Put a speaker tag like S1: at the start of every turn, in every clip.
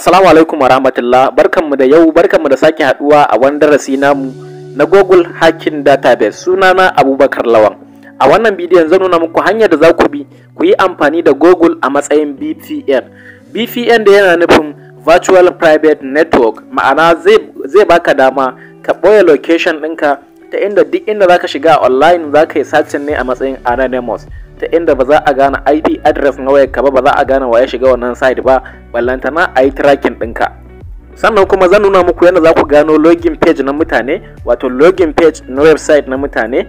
S1: Assalamu alaikum warahmatullah barkanmu da yau barkanmu da sake haduwa a wani darasi namu na Google Hacking Database sunana Abubakar Lawan. A wannan bidiyon zan nuna muku hanyar da za ku bi ku yi amfani da Google a matsayin VPN. VPN da yana nufin Virtual Private Network ma'ana zai baka dama ka ɓoye location ɗinka ta inda duk inda zaka shiga online zaka yi searching ne a matsayin anonymous. ta inda ba za a gane IP address na wayar ka ba ba za a gane waye shiga wannan site ba na a yi tracking ka. sannan kuma zan nuna muku yadda za ku gano login page na mutane wato login page na website na mutane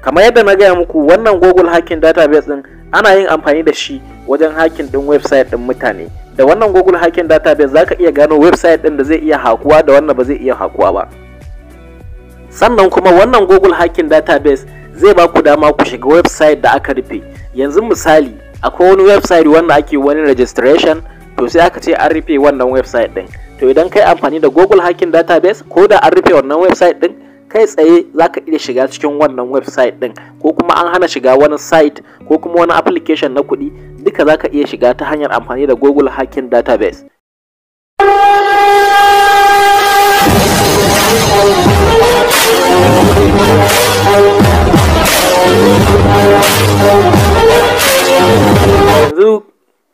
S1: kamar yadda na gaya muku wannan google hacking database ɗin ana yin amfani da shi wajen hacking ɗin website ɗin mutane da wannan google hacking database za ka iya gano website ɗin da zai iya hakuwa da wannan ba zai iya hakuwa ba sannan kuma wannan google hacking database zai ba ku dama ku shiga website da aka rufe yanzu misali akwai wani website wanda ake wani registration to sai aka ce an rufe wannan website din to idan kai amfani da google hacking database ko da an rufe wannan website din kai tsaye za ka iya shiga cikin wannan website din ko kuma an hana shiga wani site ko kuma wani application na kuɗi duka za ka iya shiga ta hanyar amfani da google hacking database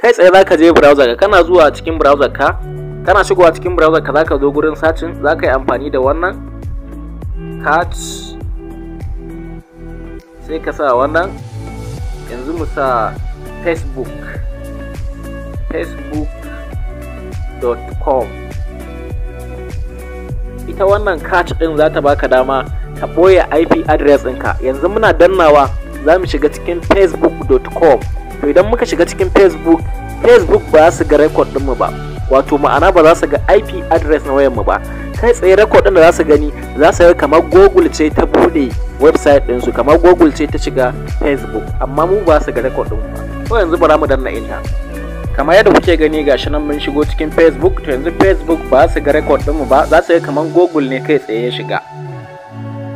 S1: kai tsaye za ka je browser ka kana zuwa cikin browser ka kana shigowa cikin browser ka za ka zo gurin searching za ka yi amfani da wannan catch sai ka sa wannan yanzu mu sa facebook facebook.com ita wannan catch din za ta baka dama ka ɓoye ip address ɗinka yanzu muna dannawa za mu shiga cikin facebook.com to idan muka shiga cikin facebook facebook ba su ga record mu ba wato ma'ana ba za su ga ip address na wayan mu ba kai tsaye record din da za su gani za su ga kamar google ce ta bude website su. kamar google ce ta shiga facebook amma mu ba su ga record ba to yanzu bara mu danna inta kamar yadda kuke gani gashi nan mun shigo cikin facebook to yanzu facebook ba su ga record mu ba za su ga kamar google ne kai tsaye ya shiga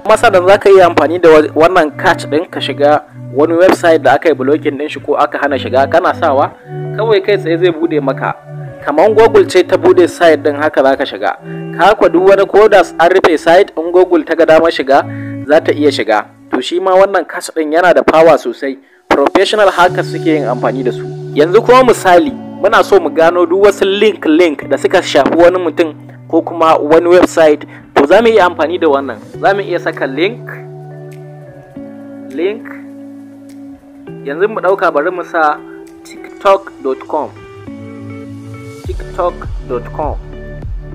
S1: kuma sannan za ka yi amfani da wannan catch ɗin ka shiga wani website da aka yi blocking ɗin shi ko aka hana shiga kana sawa kawai kai tsaye zai bude maka kamar google ce ta bude site ɗin haka za ka shiga ka kwa duk wani coders an rufe site in google ta ga damar shiga za ta iya shiga to shi ma wannan catch ɗin yana da power sosai professional hackers suke yin amfani da su yanzu kuma misali muna so mu gano duk wasu link link da suka shafi wani mutum ko kuma wani website za mu iya amfani da wannan za mu iya saka link link yanzu mu ɗauka bari mu sa tiktok.com tiktok.com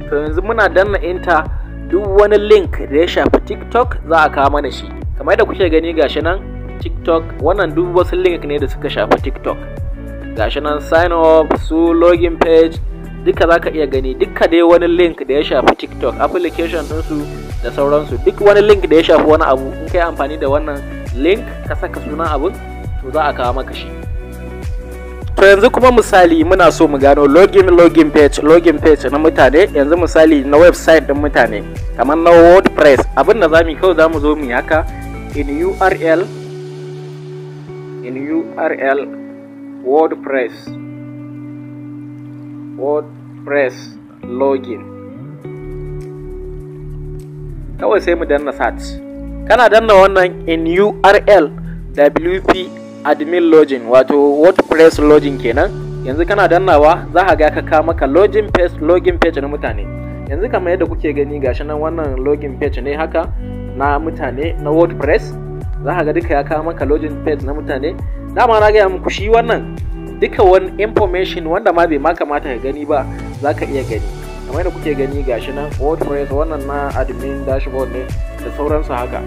S1: to yanzu muna danna inta duk wani link da ya shafi tiktok za a kawo mana shi kamar da kuke gani gashi nan tiktok wannan duk wasu link ne da suka shafi tiktok gashi nan sign up su login page duka za ka iya gani duka dai wani link da ya shafi tiktok application ɗinsu da sauransu duk wani link da ya shafi wani abu in ka amfani da wannan link ka saka sunan abun to za a kawo maka shi to yanzu kuma misali muna so mu gano login login page login page na mutane yanzu misali na website din mutane kamar na wordpress abin da zamu kawai zamu zo mu haka in url in url wordpress wordpress login kawai sai mu danna search kana danna wannan in url wp admin login wato wordpress login kenan yanzu kana dannawa za ka ga ka kawo maka login page login page na mutane yanzu kamar yadda kuke gani gashi nan wannan login page ne haka na mutane na wordpress za ka ga duka ya kawo maka login page na mutane dama na gaya muku shi wannan duka wani information wanda ma bai ma kamata ka gani ba za ka iya gani kamar yadda kuke gani gashi nan wordpress wannan na admin dashboard ne da sauransu haka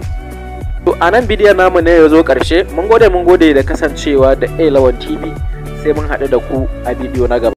S1: to a nan bidiyon namu ne ya zo ƙarshe mun gode mun gode da kasancewa da a lawan tv sai mun haɗu da ku a bidiyo na gaba